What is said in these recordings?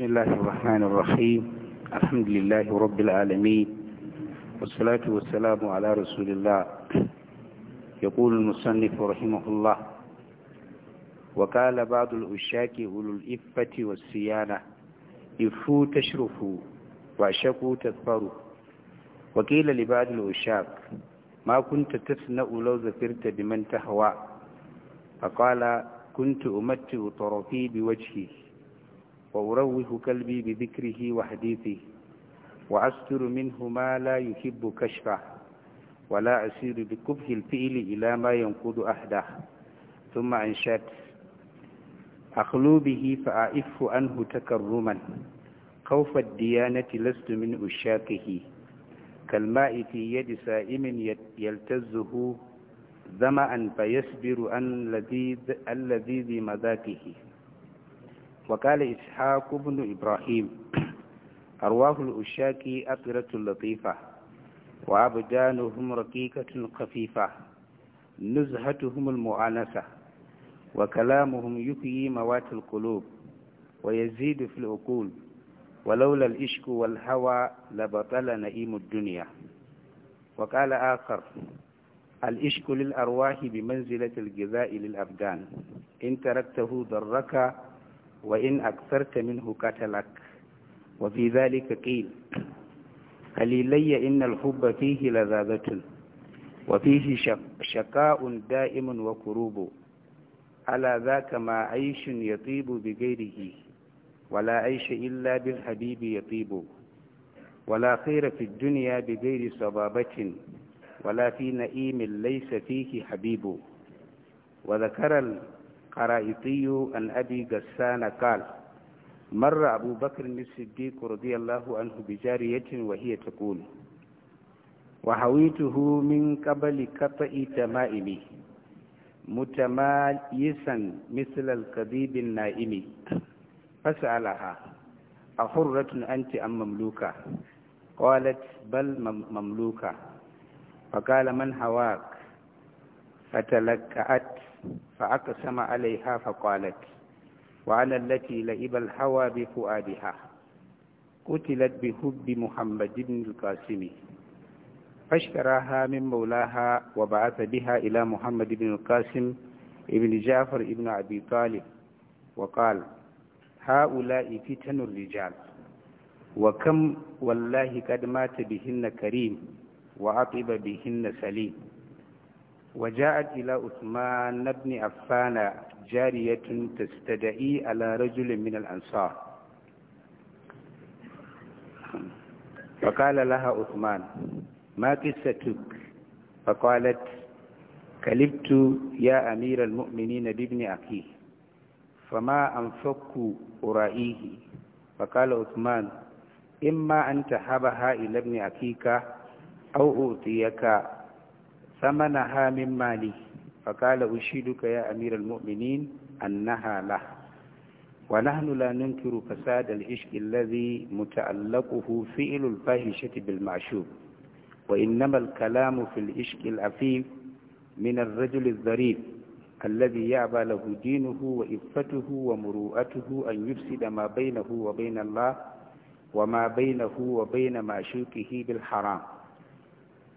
بسم الله الرحمن الرحيم الحمد لله رب العالمين والصلاة والسلام على رسول الله يقول المصنف رحمه الله وقال بعض الأشاك أولو الإفة والسيانة إفوا تشرفوا وأشكوا تذفروا وقيل لبعض الأشاك ما كنت تثنأ لو ذكرت بمن تهوى فقال كنت أمتع طرفي بوجهه وأروه كلبي بذكره وحديثه وأستر منه ما لا يحب كشفه ولا أسير بكبه الفئل إلى ما ينقض أحده ثم أنشد أخلو به فأعف عنه تكرما خوف الديانة لست من أشاكه كالماء في يد سائم يلتزه ظمأ فيصبر عن لذيذ اللذيذ مذاكه وقال إسحاق بن إبراهيم أرواه الأشاكي أطرة لطيفة وأبدانهم رقيقة خفيفة نزهتهم المؤانسة وكلامهم يحيي موات القلوب ويزيد في العقول ولولا الإشك والهوى لبطل نئيم الدنيا وقال آخر الإشك للأرواح بمنزلة الجزاء للأبدان إن تركته ضرك وإن أكثرت منه قتلك وفي ذلك قيل قليلي إن الحب فيه لذاذة وفيه شقاء دائم وكروب على ذاك ما عيش يطيب بغيره ولا عيش إلا بالحبيب يطيب ولا خير في الدنيا بغير صبابة ولا في نئيم ليس فيه حبيب وذكر قرائطي عن أبي غسان قال مر أبو بكر الصديق رضي الله عنه بجارية وهي تقول وحويته من قبل قطع تمائمي متمايسا مثل الكذيب النائم فسألها أحرة أنت أم مملوكة قالت بل مملوكة فقال من هواك فتلكأت فأقسم عليها فقالت وعلى التي لئب الهوى بفؤادها قتلت بحب محمد بن القاسم فاشتراها من مولاها وبعث بها إلى محمد بن القاسم ابن جعفر ابن أبي طالب وقال هؤلاء فتن الرجال وكم والله قد مات بهن كريم وعطب بهن سليم وجاءت إلى عثمان بن عفان جارية تستدعي على رجل من الأنصار فقال لها عثمان ما قصتك فقالت كلبت يا أمير المؤمنين بابن أخيه فما أنفق أرائيه فقال عثمان إما أن تحبها إلى ابن أخيك أو أعطيك ثمنها من مالي فقال أشهدك يا أمير المؤمنين أنها له ونحن لا ننكر فساد العشق الذي متعلقه فعل الفاحشة بالمعشوق وإنما الكلام في العشق العفيف من الرجل الظريف الذي يعبى له دينه وإفته ومروءته أن يفسد ما بينه وبين الله وما بينه وبين معشوقه بالحرام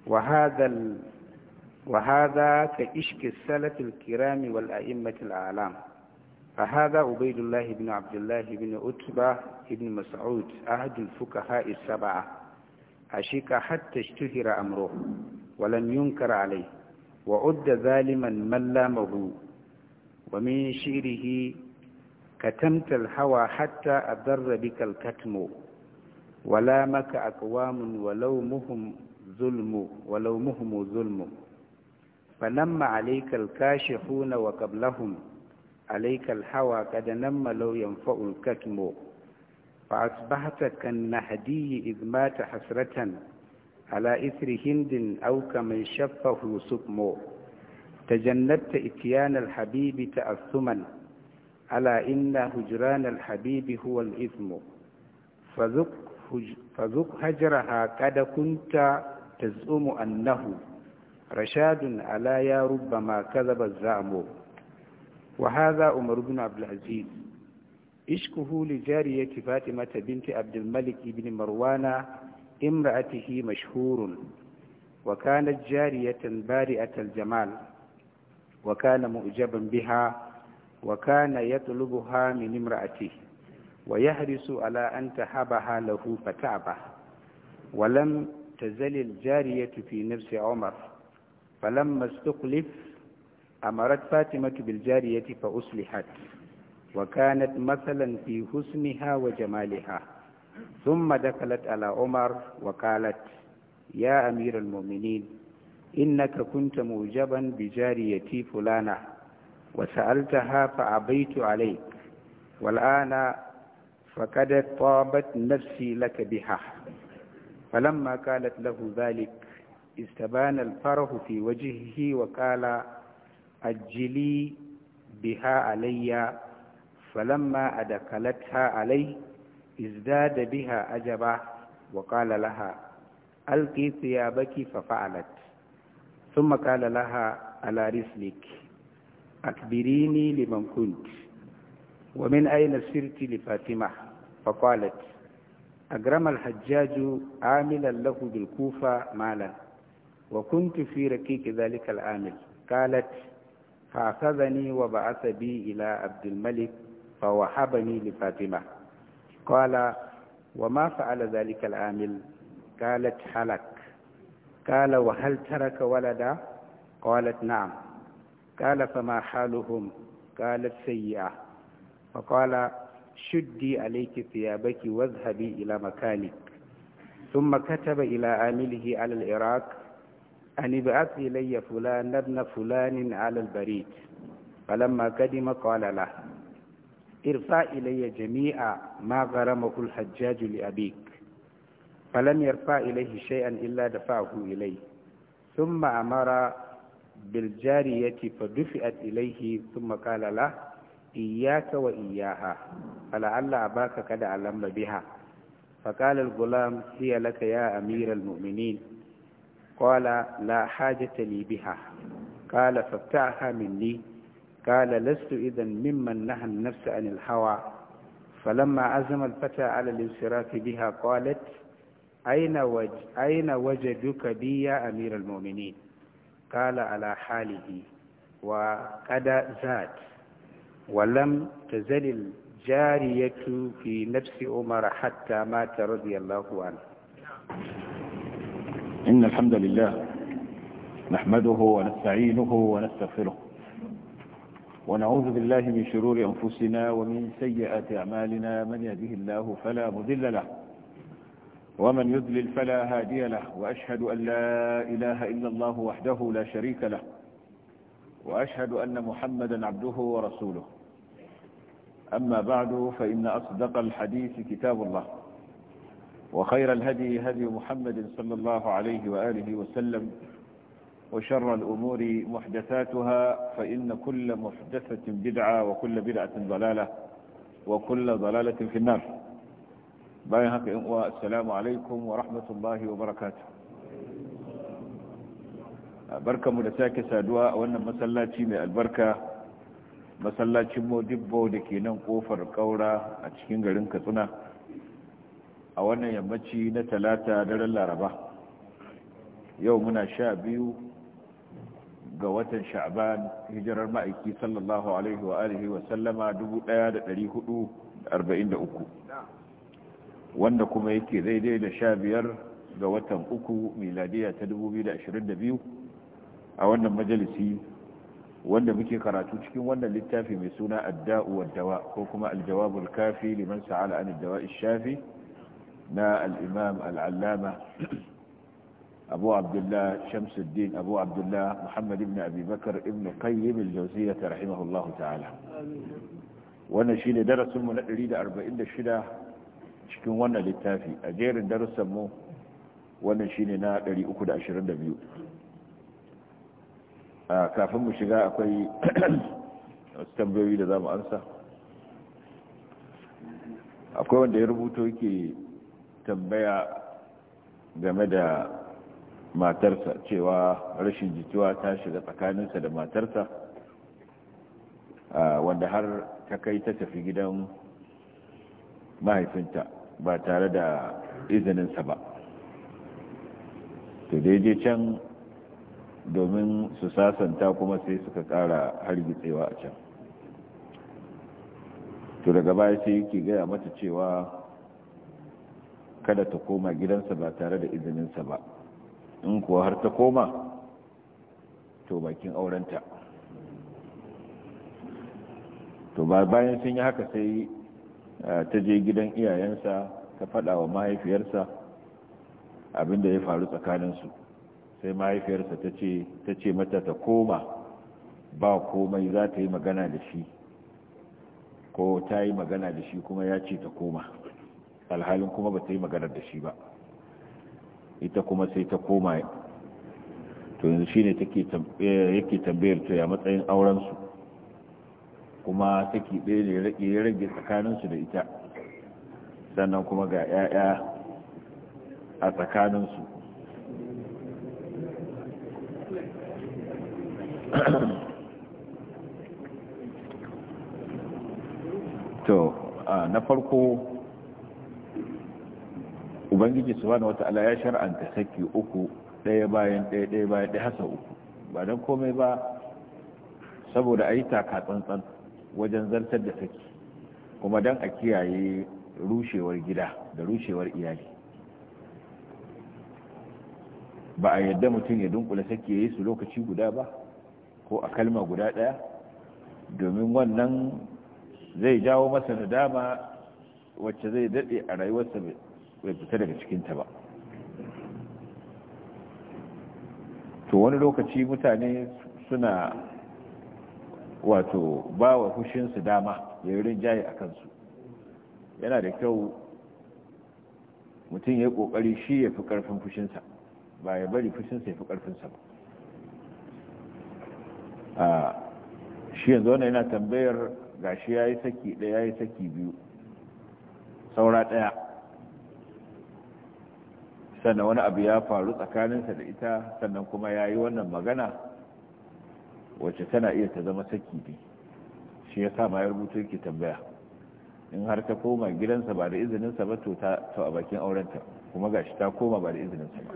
وهذا وهذا كإشك السلف الكرام والأئمة الأعلام فهذا عبيد الله بن عبد الله بن أتبة بن مسعود أحد الفقهاء السبعة أشك حتى اشتهر أمره ولم ينكر عليه وعد ظالما من لامه ومن شعره كتمت الهوى حتى أضر بك الكتم ولامك أقوام ولومهم ظلم ولومهم ظلم فنم عليك الكاشفون وقبلهم عليك الهوى قد نم لو ينفع الكتم فأصبحت كالنهدي إذ مات حسرة على إثر هند أو كمن شفه سقم تجنبت إتيان الحبيب تأثما ألا إن هجران الحبيب هو الإثم فذق هجرها قد كنت تزعم أنه رشاد على يا ربما كذب الزعم وهذا عمر بن عبد العزيز إشكه لجارية فاطمة بنت عبد الملك بن مروان امرأته مشهور وكانت جارية بارئة الجمال وكان مؤجبا بها وكان يطلبها من امرأته ويحرص على أن تحبها له فتعبه ولم تزل الجارية في نفس عمر فلما استخلف أمرت فاطمة بالجارية فأصلحت وكانت مثلا في حسنها وجمالها ثم دخلت على عمر وقالت يا أمير المؤمنين إنك كنت موجبا بجاريتي فلانة وسألتها فأبيت عليك والآن فقد طابت نفسي لك بها فلما قالت له ذلك استبان الفرح في وجهه وقال أجلي بها علي فلما أدخلتها علي ازداد بها أجبا وقال لها ألقي ثيابك ففعلت ثم قال لها على رسلك أكبريني لمن كنت ومن أين سرت لفاطمة فقالت أجرم الحجاج عاملا له بالكوفة مالا وكنت في ركيك ذلك العامل قالت فأخذني وبعث بي إلى عبد الملك فوهبني لفاطمة قال وما فعل ذلك العامل قالت حلك قال وهل ترك ولدا قالت نعم قال فما حالهم قالت سيئة فقال شدي عليك ثيابك واذهبي إلى مكانك ثم كتب إلى عامله على العراق أن ابعث إلي فلان ابن فلان على البريد فلما قدم قال له ارفع إلي جميع ما غرمه الحجاج لأبيك فلم يرفع إليه شيئا إلا دفعه إليه ثم أمر بالجارية فدفئت إليه ثم قال له إياك وإياها فلعل أباك قد علم بها فقال الغلام هي لك يا أمير المؤمنين قال لا حاجة لي بها قال فابتعها مني قال لست إذا ممن نهى النفس عن الهوى فلما عزم الفتى على الانصراف بها قالت أين, وج أين وجدك بي يا أمير المؤمنين قال على حاله وقد زاد ولم تزل الجارية في نفس عمر حتى مات رضي الله عنه إن الحمد لله نحمده ونستعينه ونستغفره ونعوذ بالله من شرور أنفسنا ومن سيئات أعمالنا من يهده الله فلا مذل له ومن يذلل فلا هادي له وأشهد أن لا إله إلا الله وحده لا شريك له وأشهد أن محمدا عبده ورسوله أما بعد فإن أصدق الحديث كتاب الله وخير الهدي هدي محمد صلى الله عليه وآله وسلم وشر الأمور محدثاتها فإن كل محدثة بدعة وكل بدعة ضلالة وكل ضلالة في النار السلام عليكم ورحمة الله وبركاته بركة ملتاك سادواء وأن مسلاتي من البركة مسلاتي مدبو لكي ننقوف القورة أتشكين غلنك تنه a wannan yammaci na talata daren laraba yau muna sha biyu ga watan sha'ban hijirar ma'aiki sallallahu alaihi wa alihi wa sallama 1443 wanda kuma yake daidai da sha biyar ga watan uku miladiya ta 2022 a wannan majalisi wanda muke karatu cikin wannan littafi mai suna adda'u wa dawa ko kuma aljawabul kafi liman sa'ala an dawa shafi نا الإمام العلامة أبو عبد الله شمس الدين أبو عبد الله محمد بن أبي بكر ابن قيم الجوزية رحمه الله تعالى ونشيل درس من أريد أربعين الشدة شكون وانا للتافي أجير درس مو ونشيل نا أري أكد أشرين دبيو آه، كافم مشغاء أكوي استنبوي لذا ما أنسى akwai wanda ya tambaya game da matarsa cewa rashin jituwa ta shiga tsakaninsa da matarsa ah, wanda har ta kai ta tafi gidan mahaifinta ba tare da izininsa ba to daidai can domin su sasanta kuma sai suka kara hargitsewa a can to daga baya sai yake gaya mata cewa kada ta koma gidansa ba tare da izininsa ba in kuwa har ta koma to bakin aurenta to bayan sun yi haka sai eh, ta je gidan iyayensa ta faɗawa wa mahaifiyarsa abinda ya faru tsakaninsu sai mahaifiyarsa ta ce mata ta koma ba komai za ta yi magana da shi ko ta yi magana da shi kuma ya ce ta koma alhalin kuma ba ta yi magana da shi ba ita kuma sai ta koma to yanzu shi ne eh, yake tambayar to ya matsayin aurensu kuma saki ɗaya ne ya rage tsakaninsu da ita sannan kuma ga 'ya'ya a tsakaninsu to na farko ubangiji subhanahu wata'ala ya shar'anta saki uku ɗaya bayan ɗaya ɗaya bayan ɗaya hasa uku ba don komai ba saboda a yi taka tsantsan wajen zartar da saki kuma dan a kiyaye rushewar gida da rushewar iyali ba a yadda mutum ya dunkula ya yi su lokaci guda ba ko a kalma guda daya domin wannan zai jawo masa nadama wacce zai daɗe a rayuwarsa bai fita daga cikinta ba to wani lokaci mutane suna wato ba wa su dama ya yi jayi a kansu yana da kyau mutum ya yi kokari shi ya fi karfin fushinsa ba ya bari fushinsa ya fi karfinsa ba shi yanzu wani yana tambayar gashi ya yi saki ɗaya ya yi saki biyu saura ɗaya sannan wani abu ya faru tsakaninsa da ita sannan kuma ya yi wannan magana wacce tana iya ta zama saki ne shi ya sa mayar mutu yake tambaya in har ta koma gidansa ba da izininsa ba to a bakin aurenta kuma gashi ta koma ba da izininsa ba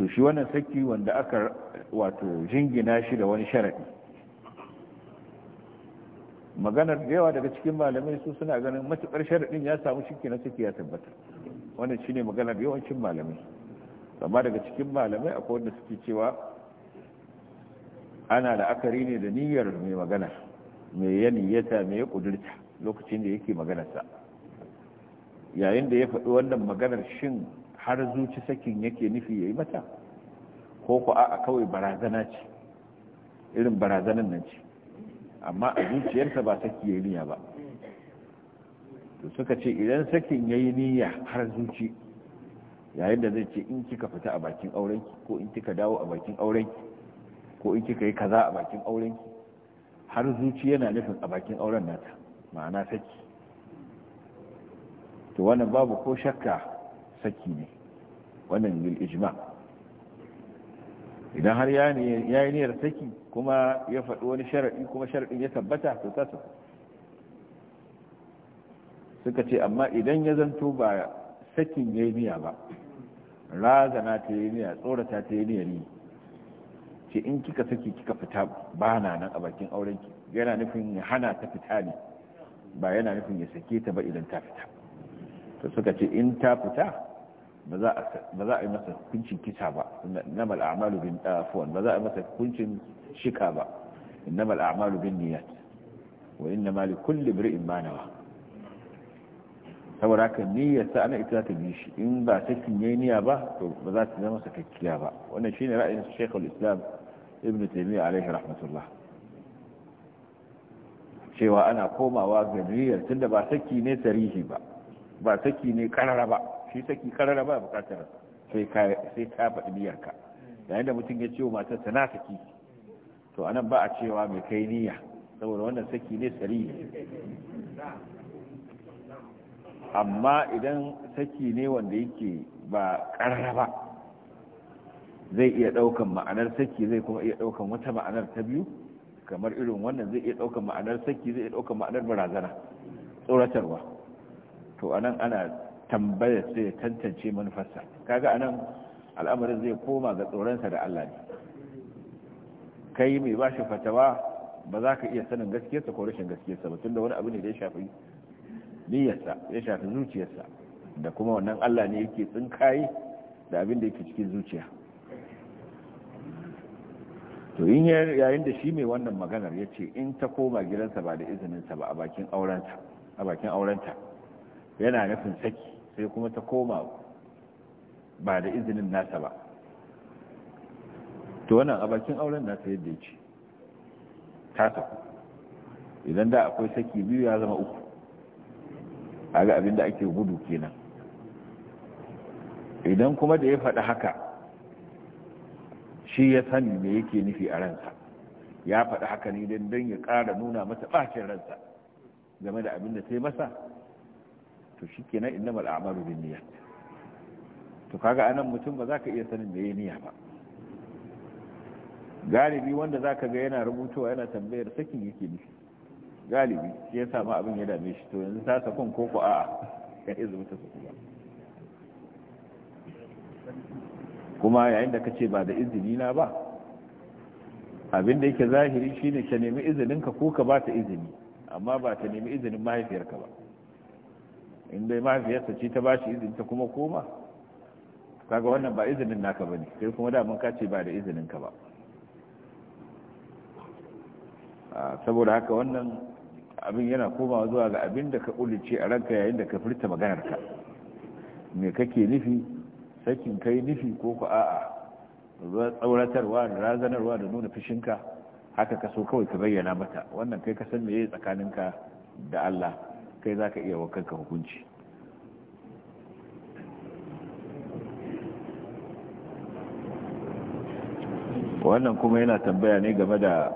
to shi wannan saki wanda aka wato jingina shi da wani sharaɗi maganar da yawa daga cikin malamai su suna ganin matukar sharaɗin ya samu shike na suke ya tabbata wannan ne maganar yawancin malamai amma daga cikin malamai akwai wanda suke cewa ana la'akari ne da niyyar mai magana mai ya niyyata mai ya kudurta lokacin da yake maganarsa yayin da ya faɗi wannan maganar shin har zuci sakin yake nufi ya yi mata ko ku a kawai barazana ce irin barazanan nan ce amma a zuciyarsa ba saki yayi niyya ba to suka ce idan sakin ya yi niyya har zuci yayin da zai ce in kika fita a bakin aurenki ko in kika dawo a bakin aurenki ko in kika yi kaza a bakin aurenki har zuci yana nufin a bakin auren nata ma'ana saki to wannan babu ko shakka saki ne wannan lil ijma' idan har ya yi niyyar saki kuma ya faɗi wani sharaɗi kuma sharaɗin ya tabbata to ta saki suka ce amma idan ya zanto ba sakin ya yi niyya ba razana ta yi niyya tsorata ta yi niyyar yi ce in kika saki kika fita ba na nan a bakin aurenki yana nufin ya hana ta fita ne ba yana nufin ya sake ta ba idan ta fita to suka ce in ta fita ba za a yi masa hukuncin kisa ba namal a'malu bin afwan ba za a yi masa hukuncin shika ba innamal a'malu bin niyyat wa innama li kulli imrin ma nawa saboda haka niyyar sa ana ita ta bi shi in ba ta kinye niyya ba to ba za ta zama sakakkiya ba wannan shine ra'ayin Sheikhul Islam Ibn Taymiyyah alaihi rahmatullah cewa ana komawa ga niyyar tunda ba saki ne tarihi ba ba saki ne karara ba shi saki karara ba bukatar sai ka sai ka faɗi niyyarka yayin da mutum ya ce wa matarsa na saki to anan ba a cewa mai kai niyya saboda wannan saki ne sari amma idan saki ne wanda yake ba karara ba zai iya ɗaukan ma'anar saki zai kuma iya ɗaukan wata ma'anar ta biyu kamar irin wannan zai iya ɗaukan ma'anar saki zai iya ɗaukan ma'anar barazana tsoratarwa to anan ana tambaya sai ya tantance manufarsa kaga anan al'amarin zai koma ga tsoronsa da Allah ne kai mai ba shi fatawa ba za ka iya sanin gaskiyarsa ko rashin gaskiyarsa ba tun da wani abu ne da ya shafi niyyarsa ya shafi zuciyarsa da kuma wannan Allah ne yake tsinkaye da abin da yake cikin zuciya to in yayin da shi mai wannan maganar ya ce in ta koma gidansa ba da izininsa ba a bakin aurenta yana nufin saki sai kuma ta koma ba da izinin nasa ba to wannan a bakin auren nasa yadda ya ce ta saku idan da akwai saki biyu ya zama uku a ga abinda ake gudu kenan idan kuma da ya faɗi haka shi ya sani me yake nufi a ransa ya faɗi haka ne don ya ƙara nuna mata ɓacin ransa game da abinda sai masa to shi shikenan innamal a'malu binniyat to kaga anan mutum ba za ka iya sanin meye niyya ba galibi wanda za ka ga yana rubutowa yana tambayar sakin yake nufi galibi shi ya samu abin ya dame shi to yanzu ta sakon ko ku a'a ya iya ta saku ba kuma yayin da ka ce ba da izini na ba abin da yake zahiri shine ka nemi izininka ko ka ba ta izini amma ba ta nemi izinin mahaifiyarka ba in dai mahaifiyarsa ce ta bashi izini ta kuma koma kaga wannan ba izinin naka bane sai kuma da mun kace ba da izinin ka ba saboda haka wannan abin yana koma zuwa ga abin da ka ulice a ranka yayin da ka furta maganar ka me kake nufi sakin kai nufi ko ku a'a tsauratarwa da razanarwa da nuna fushinka haka ka so kawai ka bayyana mata wannan kai ka san me tsakaninka da Allah kai za ka iya wa kanka hukunci wannan kuma yana tambaya ne game da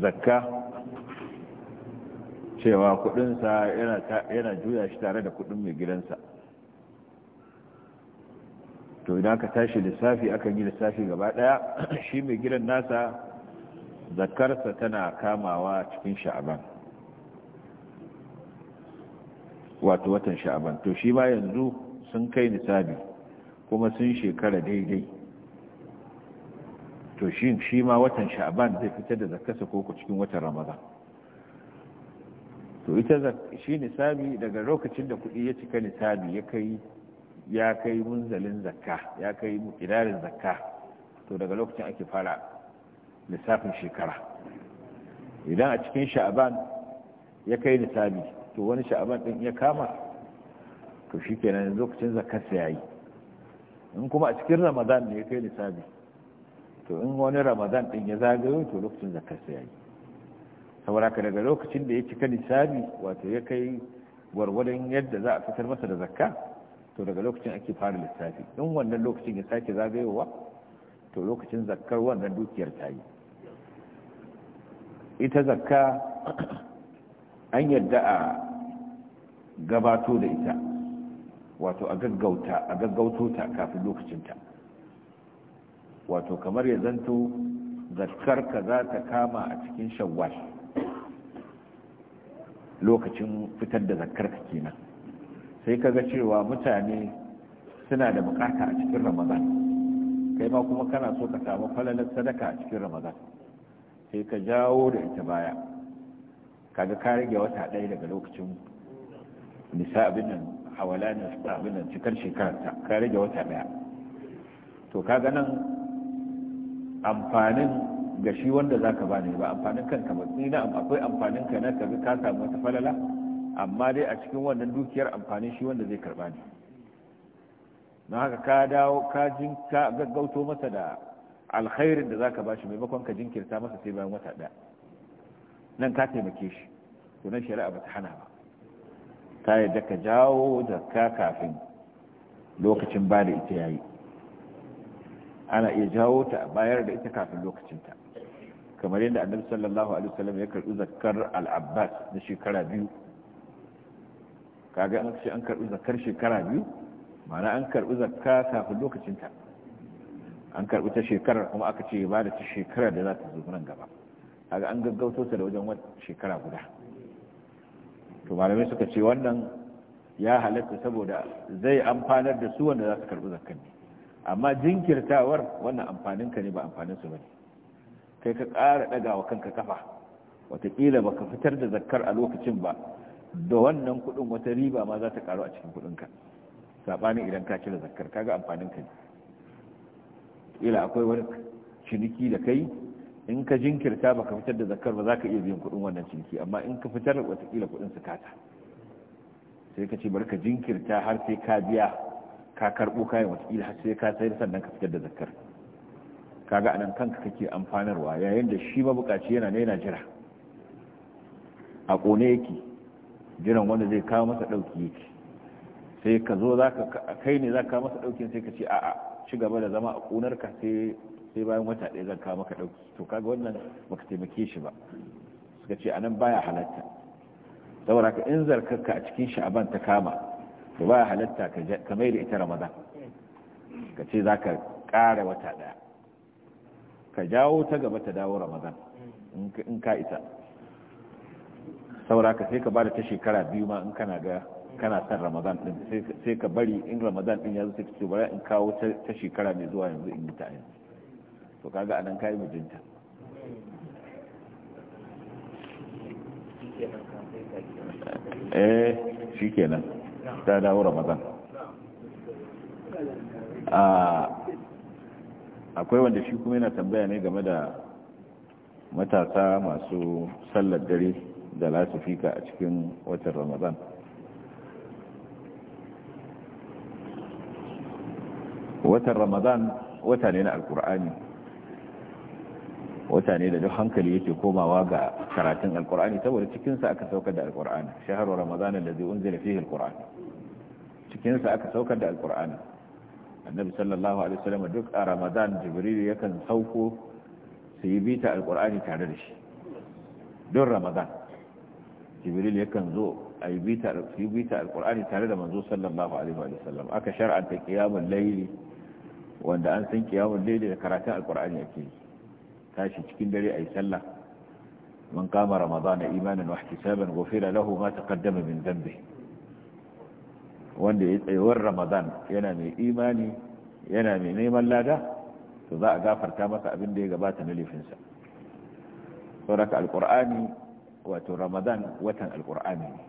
zakka cewa kudinsa yana juya shi tare da kudin mai gidansa to idan ka tashi lissafi akan yi lissafi gaba daya shi mai gidan nasa zakkarsa tana kamawa cikin sha'aban wato watan sha'aban to shi ma yanzu sun kai nisabi kuma sun shekara daidai to shi shi ma watan sha'aban zai fitar da zakasa koko cikin watan ramadan to ita shi nisabi daga lokacin da kuɗi ya cika nisabi ya kai ya kai munzalin zakka ya kai idarin zakka to daga lokacin ake fara lissafin shekara idan a cikin sha'aban ya kai nisabi to wani sha'aban din ya kama to shi kenan lokacin zakarsa ya yi in kuma a cikin ramadan ne ya kai nisabi to in wani ramadan din ya zagayo to lokacin zakarsa ya yi saboda ka daga lokacin da ya cika nisabi wato ya kai gwargwadon yadda za a fitar masa da zakka to daga lokacin ake fara lissafi in wannan lokacin ya sake zagayowa to lokacin zakkar wannan dukiyar ta yi ita zakka an yadda a gabato da ita wato a gaggauta a gaggauto kafin lokacinta wato kamar ya zanto zakar ka za ta kama a cikin shawwal lokacin fitar da zakar ka kenan sai ka ga cewa mutane suna da bukata a cikin ramadan kai ma kuma kana so ka samu falalar sadaka a cikin ramadan sai ka jawo da ita baya kaga ka rage wata ɗaya daga lokacin nisa abin nan hawala na abin nan cikar shekararta ka rage wata ɗaya to kaga nan amfanin ga shi wanda za ka bani ba amfanin kanka ba na akwai amfanin ka na kaga ka samu wata falala amma dai a cikin wannan dukiyar amfanin shi wanda zai karba ne don haka ka dawo ka jin ka gaggauto masa da alkhairin da za ba bashi maimakon ka jinkirta masa sai bayan wata ɗaya nan ka taimake shi to nan shari'a ba ta hana ba ta yadda ka jawo da ka kafin lokacin ba da ita yayi ana iya jawo ta bayar da ita kafin lokacinta kamar yadda annabi sallallahu alaihi wasallam ya karbi zakar al-abbas na shekara biyu kaga an ce an karbi zakar shekara biyu ma'ana an karbi zakka kafin lokacinta an karbi ta shekarar kuma aka ce ba da ta shekarar da za ta zo nan gaba Aga an gaggauto ta da wajen shekara guda to malamai suka ce wannan ya halatta saboda zai amfanar da su wanda za su karbi zakka ne amma jinkirtawar wannan amfanin ka ne ba amfanin su bane kai ka ƙara ɗagawa kanka kafa wataƙila ba ka fitar da zakkar a lokacin ba da wannan kuɗin wata riba ma za ta ƙaru a cikin kuɗinka saɓanin idan ka cire zakkar kaga amfanin ka ne ila akwai wani ciniki da kai in ka jinkirta ba ka fitar da zakar ba za ka iya biyan kuɗin wannan ciniki amma in ka fitar watakila kuɗin su kata sai ka ce bari ka jinkirta har sai ka biya ka karɓo kayan watakila har sai ka sayar sannan ka fitar da zakar kaga anan kanka kake amfanarwa yayin da shi mabukaci yana ne yana jira a ƙone yake jiran wanda zai kawo masa ɗauki yake sai ka zo za ka kai ne za ka masa daukin sai ka ce a'a ci gaba da zama a konarka sai sai bayan wata ɗaya zan kawo maka ɗauki to kaga wannan baka taimake shi ba suka ce anan baya halatta saboda ka in zarkarka a cikin sha'aban ta kama to baya halatta ka mai da ita ramadan ka ce za ka ƙara wata ɗaya ka jawo ta gaba ta dawo ramadan in ka isa saboda ka sai ka bada ta shekara biyu ma in kana ga kana son ramadan din sai ka bari in ramadan din ya zo sai ka ce bari in kawo ta shekara mai zuwa yanzu in yi ta yanzu to kaga anan kai mijinta eh shikenan ta dawo ramadan ah akwai wanda shi kuma yana tambaya ne game da matasa masu sallar dare da lasifika a cikin watan ramadan watan ramadan wata ne na alkur'ani wata ne da duk hankali yake komawa ga karatun alkur'ani saboda cikinsa aka saukar da alkur'ani shaharar ramadana da zai unzila fihi alkur'ani cikinsa aka saukar da alkur'ani annabi sallallahu alaihi wasallam duk a ramadan jibril yakan sauko su yi bita alkur'ani tare da shi duk ramadan jibril yakan zo a yi bita su yi bita alkur'ani tare da manzo sallallahu alaihi wasallam aka shar'anta qiyamul layli wanda an san qiyamul layli da karatun alkur'ani yake yi tashi cikin dare a yi sallah man kama ramadana imanin wa ihtisaban gofira lahu ma taqaddama min dhanbi wanda ya tsayuwar ramadan yana mai imani yana mai neman lada to za a gafarta masa abin da ya gabata na laifinsa sauraka alkur'ani wato ramadan watan alkur'ani ne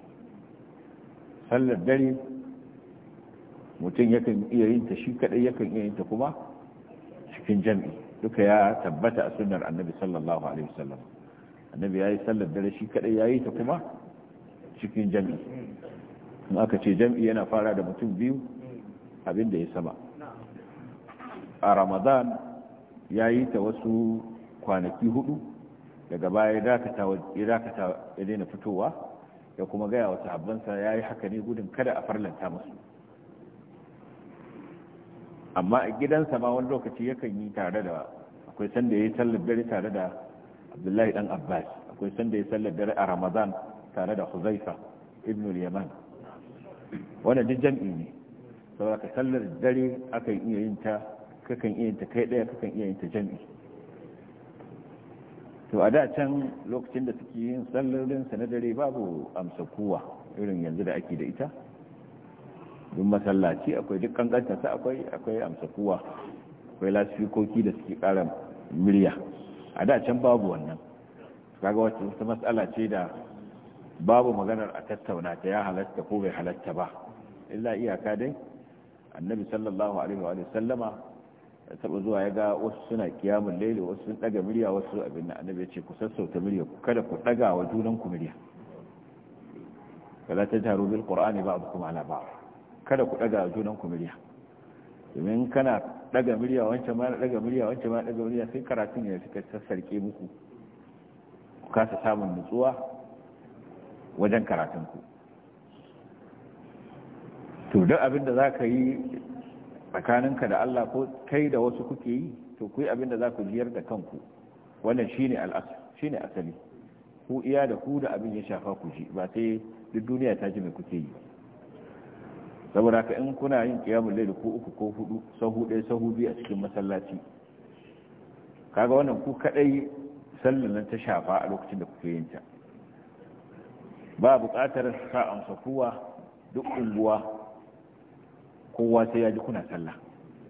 sallar dare mutum yakan iya yin ta shi kadai yakan iya yin ta kuma cikin jam'i duka ya tabbata a sunnar annabi sallallahu alaihi wasallam annabi yi sallar dare shi kadai yi ta kuma cikin jami'i kuma aka ce jami'i yana fara da mutum biyu abinda ya sama a ramadan yi ta wasu kwanaki hudu daga baya ya dakata ya daina fitowa ya kuma gaya wa sahabbansa ya yi haka ne gudun kada a farlanta musu amma a gidansa ma wani lokaci yakan yi tare da akwai sanda ya yi sallar dare tare da abdullahi dan abbas akwai sanda ya yi sallar dare a ramadan tare da huzaifa ibn yaman wannan duk jam'i ne saboda sallar dare akan iya yin ta kakan iya yin ta kai daya kakan iya yin ta jam'i to a da can lokacin da suke yin sallar dinsa na dare babu amsa kuwa irin yanzu da ake da ita duk masallaci akwai duk kankanta sa akwai akwai amsakuwa akwai lasfikoki da suke ƙara murya a da can babu wannan kaga wacce wata matsala ce da babu maganar a tattauna ta ya halatta ko bai halatta ba illa iyaka dai annabi sallallahu alaihi wa sallama ya taɓa zuwa ya ga wasu suna kiyamun laili wasu sun daga murya wasu abin da annabi ya ce ku sassauta murya ku kada ku daga wa junan ku murya za ta jaru bil qur'ani ba'dukum ala ba'd kada ku daga junan ku domin kana daga miliya wancan ma daga miliya wancan ma daga miliya sai karatun ya fita sassarke muku ku kasa samun nutsuwa wajen karatun ku to duk abin da zaka yi tsakaninka da Allah ko kai da wasu kuke yi to ku yi abin da za ku jiyar da kanku wannan shine al'asar shine asali ku iya da ku da abin ya shafa ku ji ba sai duk duniya ta ji mai kuke yi saboda ka in kuna yin kiyamun layl ko uku ko hudu sahu ɗaya sahu biyu a cikin masallaci kaga wannan ku kadai sallan nan ta shafa a lokacin da kuke yin ta ba buƙatar sa amsa kowa duk unguwa kowa sai ya ji kuna sallah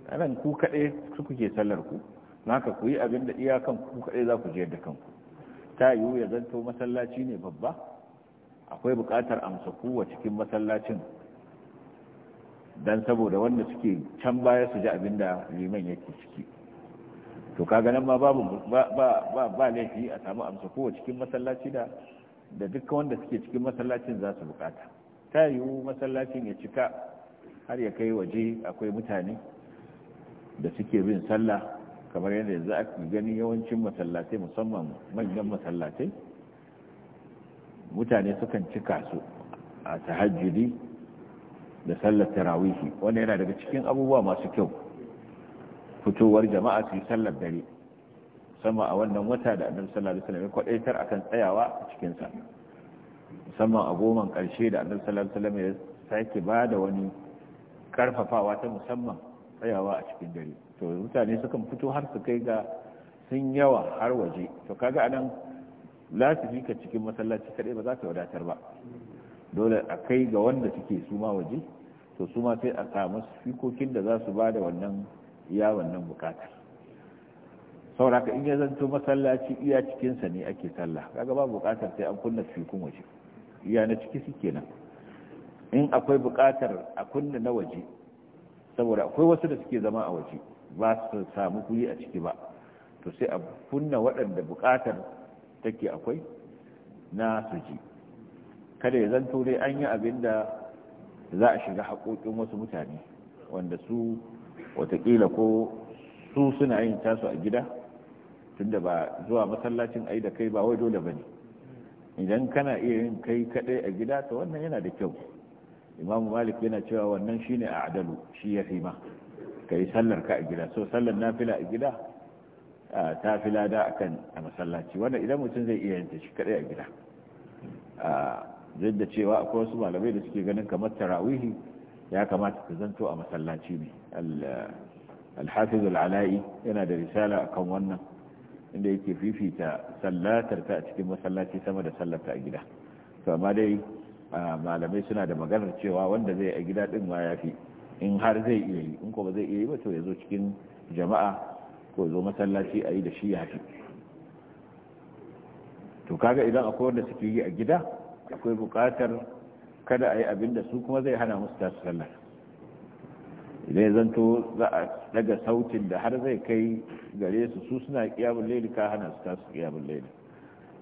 kanan ku kaɗai su kuke sallar ku haka ku yi abin da iyakan ku kaɗai za ku je da kanku ta yiwu ya zanto masallaci ne babba akwai buƙatar amsa kowa cikin masallacin dan saboda wanda suke can baya su ji abin da liman yake ciki to kaga nan ma babu ba ba laifi a samu amsa ko cikin masallaci da da dukkan wanda suke cikin masallacin za su bukata ta yiwu masallacin ya cika har ya kai waje akwai mutane da suke bin sallah kamar yadda yanzu aka gani yawancin masallatai musamman manyan masallatai mutane sukan cika su a tahajjudi da sallar tarawihi wanda yana daga cikin abubuwa masu kyau fitowar jama'a su sallar dare sama a wannan wata da annabi sallallahu alaihi wasallam ya kwadaitar akan tsayawa a cikin sa musamman a goman karshe da annabi sallallahu alaihi wasallam ya sake ba da wani karfafawa ta musamman tsayawa a cikin dare to mutane sukan fito har su kai ga sun yawa har waje to kaga anan ka cikin masallaci kadai ba za ta wadatar ba dole a kai ga wanda suke su ma waje to su ma sai a samu fikokin da za su ba da wannan iya wannan bukatar sauraka in ya zanto masallaci iya cikinsa ne ake sallah kaga ba bukatar sai an kunna fikun waje iya na ciki suke nan in akwai bukatar a kunna na waje saboda akwai wasu da suke zama a waje ba su samu kuri a ciki ba to sai a kunna waɗanda bukatar take akwai na su kada ya zanto dai an yi abin da za a shiga haƙoƙin wasu mutane wanda su watakila ko su suna yin tasu a gida tunda ba zuwa masallacin ai da kai ba wai dole ba ne idan kana iya yin kai kadai a gida to wannan yana da kyau imamu malik yana cewa wannan shine a adalu shi ya fi ma ka yi sallar ka a gida so sallar na fila a gida ta da a akan a masallaci wannan idan mutum zai iya yin ta shi kadai a gida duk da cewa akwai wasu malamai da suke ganin kamar tarawihi ya kamata ta zanto a masallaci ne alhafiz al'ala'i yana da risala kan wannan inda yake fifita sallatar ta a cikin masallaci sama da sallarta a gida to amma dai malamai suna da maganar cewa wanda zai a gida din ma yafi in har zai iya yi in kuma zai iya yi ba to ya zo cikin jama'a ko zo masallaci ayi da shi yafi to kaga idan akwai wanda suke yi a gida akwai buƙatar kada a yi abinda su kuma zai hana musu tasu sallar idan zanto za a daga sautin da har zai kai gare su su suna kiyamun laili ka hana su tasu kiyamun laili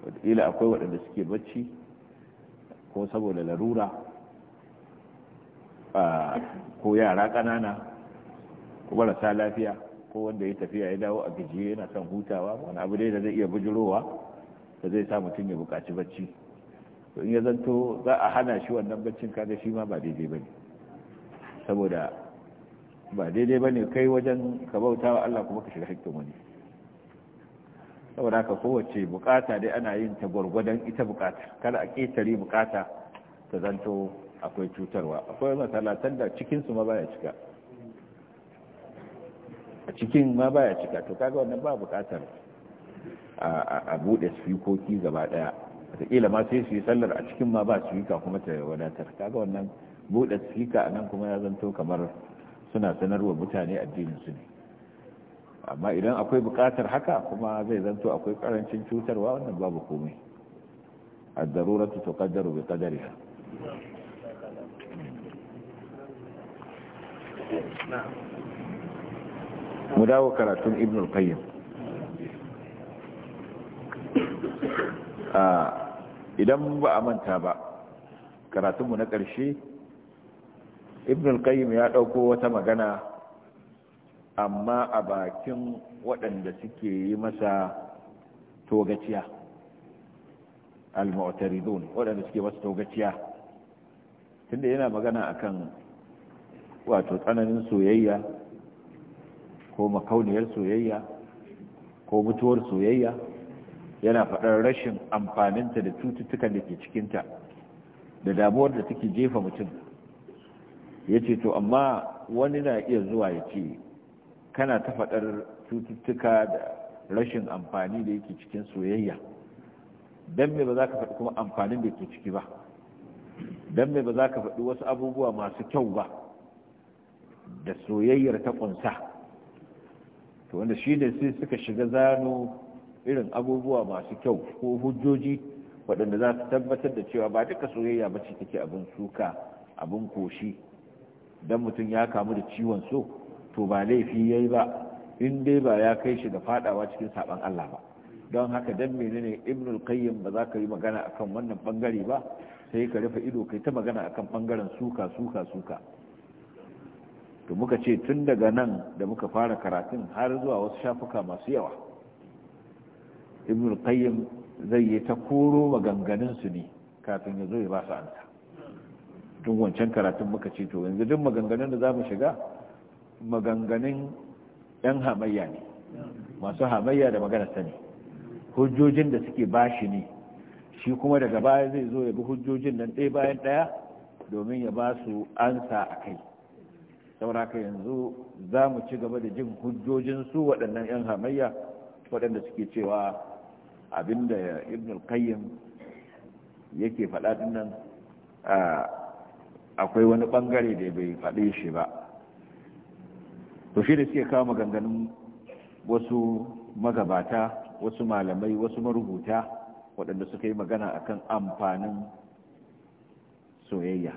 wataƙila akwai waɗanda suke bacci ko saboda larura ko yara ƙanana ko marasa lafiya ko wanda ya tafiya ya dawo a gajiye yana son hutawa wani abu dai da zai iya bujirowa da zai sa mutum ya buƙaci bacci in ya zanto za a hana shi wannan baccin kada shi ma ba daidai ba ne saboda ba daidai ba ne kai wajen ka bauta wa Allah kuma ka shiga hakkin wani saboda haka kowace bukata dai ana yin ta gwargwadon ita bukata kada a ƙetare bukata ta zanto akwai cutarwa akwai matalatan da cikinsu ma baya cika a cikin ma baya cika to kaga wannan ba bukatar a buɗe sifikoki gaba ɗaya wataƙila ma sai su yi sallar a cikin ma ba su sifika kuma ta wadatar kaga wannan buɗe sifika a nan kuma ya zanto kamar suna sanarwa mutane addinin su ne amma idan akwai buƙatar haka kuma zai zanto akwai ƙarancin cutarwa wannan babu komai mu mu karatun karatun al-qayyim idan ba a manta ba karatunmu na ƙarshe ibn al-qayyim ya ɗauko wata magana amma a bakin waɗanda suke yi masa togaciya al-mu'taridun waɗanda suke masa togaciya tunda yana magana akan wato tsananin soyayya ko makauniyar soyayya ko mutuwar soyayya yana faɗar rashin amfaninta da cututtukan da ke cikinta da damuwar da take jefa mutum ya ce to amma wani na iya zuwa ya ce kana ta faɗar cututtuka da rashin amfani da yake cikin soyayya don me ba za ka faɗi kuma amfanin da ke ciki ba don me ba za ka faɗi wasu abubuwa masu kyau ba da soyayyar ta ƙunsa to wanda shi ne sai suka shiga zano irin abubuwa masu kyau ko hujjoji waɗanda za su tabbatar da cewa ba duka soyayya ba ce take abin suka abin koshi don mutum ya kamu da ciwon so to ba laifi ya yi ba in dai ba ya kai shi da fadawa cikin saɓan Allah ba don haka dan menene ibnul qayyim ba za ka yi magana akan wannan bangare ba sai ka rufe ido kai ta magana akan ɓangaren suka suka suka to muka ce tun daga nan da muka fara karatun har zuwa wasu shafuka masu yawa ibn qayyim zai yi ta koro maganganun ne kafin ya zo ya ba su ansa tun wancan karatun muka ce to yanzu duk maganganun da za mu shiga maganganun yan hamayya ne masu hamayya da magana ta ne hujjojin da suke bashi ne shi kuma daga baya zai zo ya bi hujjojin nan ɗaya bayan ɗaya domin ya ba su ansa a kai sauraka yanzu za mu ci gaba da jin hujjojin su waɗannan 'yan hamayya waɗanda suke cewa abinda ibn al-qayyim yake faɗa dinnan akwai wani ɓangare da bai faɗe shi ba to shi da suke kawo maganganun wasu magabata wasu malamai wasu marubuta waɗanda suka yi magana akan amfanin soyayya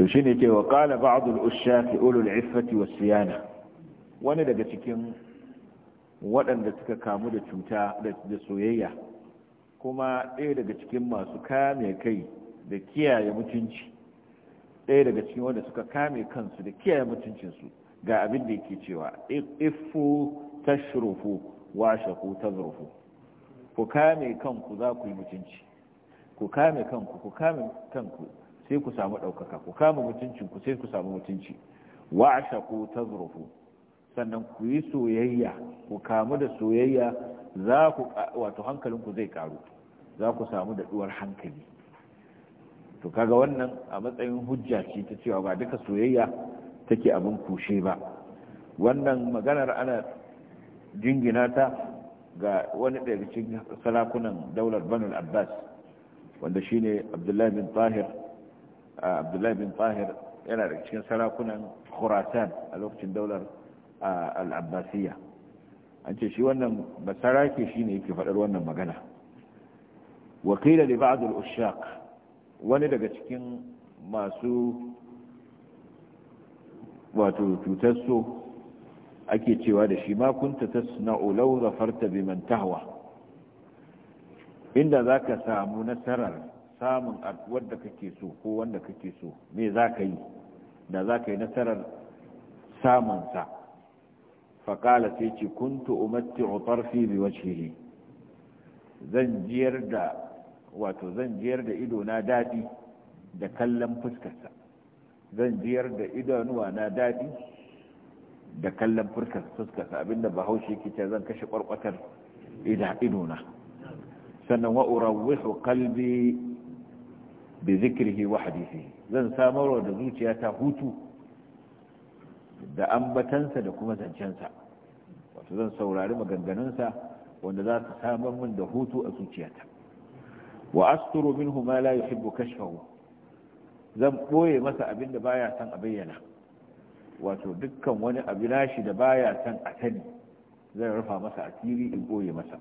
to shi ne ke wa ƙala ba'adul fi ulul iffati wa siyana wani daga cikin waɗanda suka kamu da cuta da soyayya kuma ɗaya daga cikin masu kame kai da kiyaye mutunci ɗaya daga cikin wanda suka kame kansu da kiyaye mutuncinsu ga abin da yake cewa wa shaku ta zurufu ku kame kanku za ku yi mutunci ku kame kanku ku kame kanku sai ku samu ɗaukaka ku kama mutuncin ku sai ku samu mutunci wa ta tazrufu sannan ku yi soyayya ku kamu da soyayya za ku wato hankalinku zai karu za ku samu daɗuwar hankali to kaga wannan a matsayin hujja ce ta cewa ba duka soyayya take abin kushe ba wannan maganar ana jingina ta ga wani daga cikin sarakunan daular banul abbas wanda shine abdullahi bin tahir abdullahi bin tahir yana da cikin sarakunan khurasan a lokacin daular al'abbasiyya an ce shi wannan masaraki shi ne yake faɗar wannan magana wakila da ba'adul ushaq wani daga cikin masu wato cutar so ake cewa da shi ma kunta tasna'u laura, farta, biman tahwa inda zaka samu nasarar samun wadda kake so ko wanda kake so me za ka yi da za ka yi nasarar samunsa faƙala sai ce kuntu umarti otarfi bi wajhihi zan jiyar da wato zan jiyar da ido na daɗi da kallon fuskarsa zan jiyar da idonuwa na daɗi da kallon fuskarsa abinda bahaushe kita zan kashe ƙwarƙwatar idona sannan wa'urawar kalbi bi zikrihi wa hadisi zan samarwa da zuciyata hutu da ambatansa da kuma zancensa wato zan saurari maganganunsa wanda za ta samar min da hutu a zuciyata wa asturu minhu ma la yuhibbu kashfahu zan boye masa abin da baya san a bayyana wato dukkan wani abu nashi da baya san a sani zan rufa masa asiri in boye masa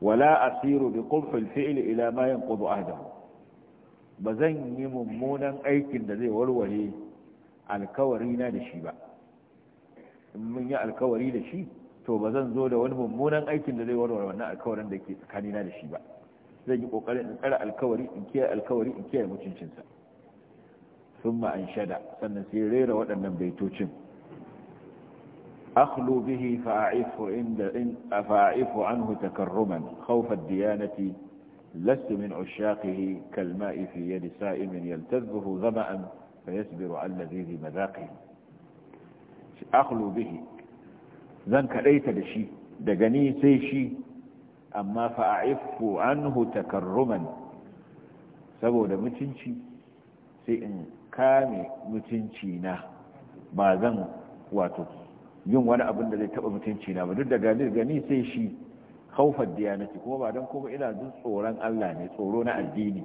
wala asiru bi qulhul fi'li ila ma yanqudu ahdahu ba zan yi mummunan aikin da zai warware alkawari na da shi ba in mun yi alkawari da shi to ba zan zo da wani mummunan aikin da zai warware wannan alkawarin da ke tsakanina da shi ba zai yi kokarin in tsara alkawari in kiyaye alkawari in kiyaye mutuncinsa sun ma'an shada sannan sai rera waɗannan baitocin أخلو به فأعفه, عند فأعفه عنه تكرما خوف الديانة لست من عشاقه كالماء في يد سائم يلتذه ظما فيصبر عن لذيذ مذاقه اخلو به زن كديت دشي دغني سي شي اما فاعف عنه تكرما saboda mutunci sai in kame mutunci na ba zan wato yin wani abin da zai taba mutunci na ba duk da gani sai shi khawfan diyanati kuma ba don kuma ina jin tsoron Allah ne tsoro na addini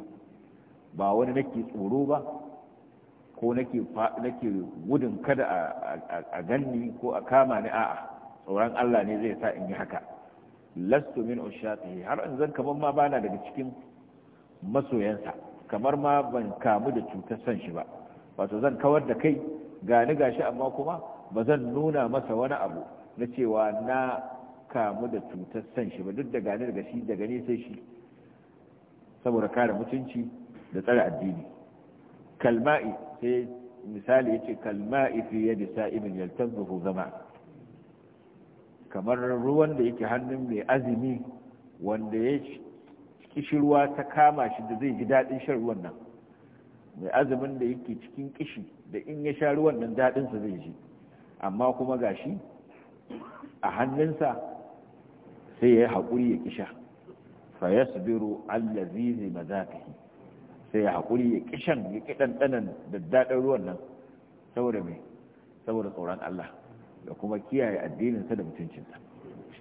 ba wani nake tsoro ba ko nake gudun kada a ganni ko a kama ni a'a tsoron Allah ne zai sa in yi haka lastu min ushati har an zan kamar ma bana daga cikin masoyansa kamar ma ban kamu da cutar san shi ba wato zan kawar da kai gani gashi amma kuma ba zan nuna masa wani abu na cewa na kamu da cutar san shi ba duk da gane daga shi daga ne sai shi saboda kare mutunci da tsare addini kalma'i sai misali yace kalma'i fi yadi sa'ibin yaltazuhu zama kamar ruwan da yake hannun mai azumi wanda ya kishirwa ta kama shi da zai ji daɗin shan ruwan nan mai azumin da yake cikin kishi da in ya sha ruwan nan sa zai ji amma kuma gashi a hannunsa sai ya yi haƙuri ya kisha fa ya sabiru allazizi sai ya haƙuri ya kishan ya ƙi ɗanɗanan daddaɗin ruwan nan saboda mai saboda tsoron Allah da kuma kiyaye addininsa da mutuncinsa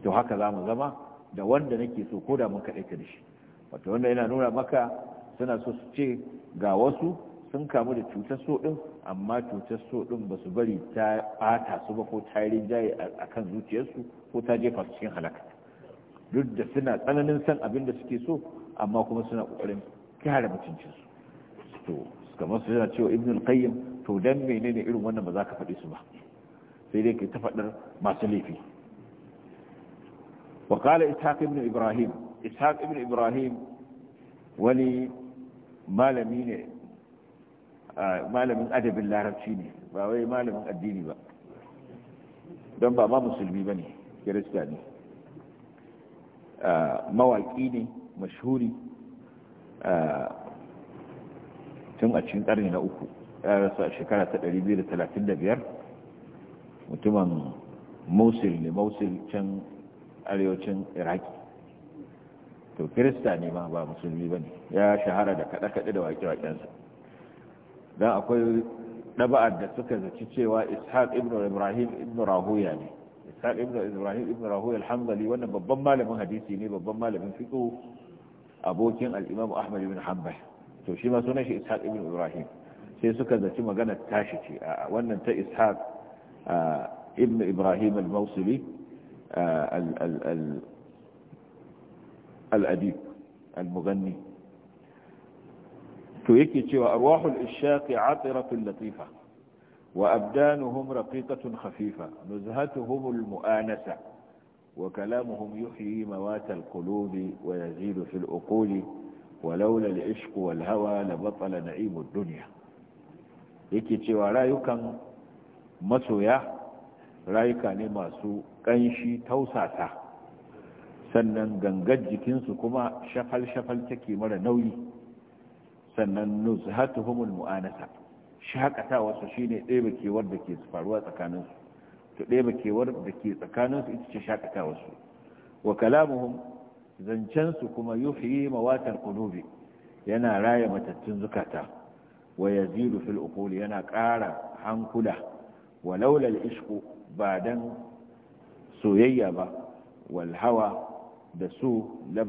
to haka za mu zama da wanda nake so ko da mun kaɗai ka da shi wato wanda yana nuna maka suna so su ce ga wasu sun kamu da cutar so ɗin amma cutar so ɗin ba su bari ta ɓata su ba ko ta yi rinjaye a kan zuciyarsu ko ta jefa su cikin halaka duk da suna tsananin san abin da suke so amma kuma suna kokarin kyara mutuncin su to kamar su yana cewa ibn al-qayyim to dan menene irin wannan ba za ka faɗi su ba sai dai kai ta faɗar masu laifi wa qala ishaq ibn ibrahim ishaq ibn ibrahim wani malami ne malamin adabin larabci ne ba wai malamin addini ba don ba ma musulmi bane kirista ne mawaƙi ne mashuri tun a cikin ƙarni na uku ya rasu a shekara ta 235 mutumin mosul ne mosul can arewacin iraki to kirista ne ma ba musulmi ba ne ya shahara da kaɗe-kaɗe da waƙe-waƙensa don akwai ɗaba'ar da suka zaci cewa ishaq ibn ibrahim ibn rahuya ne إسحاق ابن إبراهيم ابن راهوي الحنبلي وأن ببن مالم هديثي ني ببن مالم فقه أبوكين الإمام أحمد بن حنبل توشي ما سنشي إسحاق ابن إبراهيم سيسوك ذاتي ما قنا التاشي وأنا انت إسحاق آه، ابن إبراهيم الموصلي آه، ال ال ال الأديب المغني تويكي تيوى وأرواح الإشاق عطرة اللطيفة وأبدانهم رقيقة خفيفة نزهتهم ا وكلامهم يحيي موات القلوب ويزيد في العقول ولولا العشق والهوى لبطل نعيم الدنيا يكتشي ورايكا مسويا رايكا نما سو كنشي توساتا sannan gangajikinsu kuma shafal-shafal take mara nauyi sannan nuzhatuhumul mu'anasa shakatawa su shine ɗaya kewar da ke faruwa tsakanin su to ɗebe kewar da ke tsakanin ita ce shakatawa su wa kalamuhum zancen su kuma yuhyi mawatar qulubi yana raya matattun zukata wa yazidu fil uqul yana ƙara hankula wa laula al ba dan soyayya ba walhawa da su yi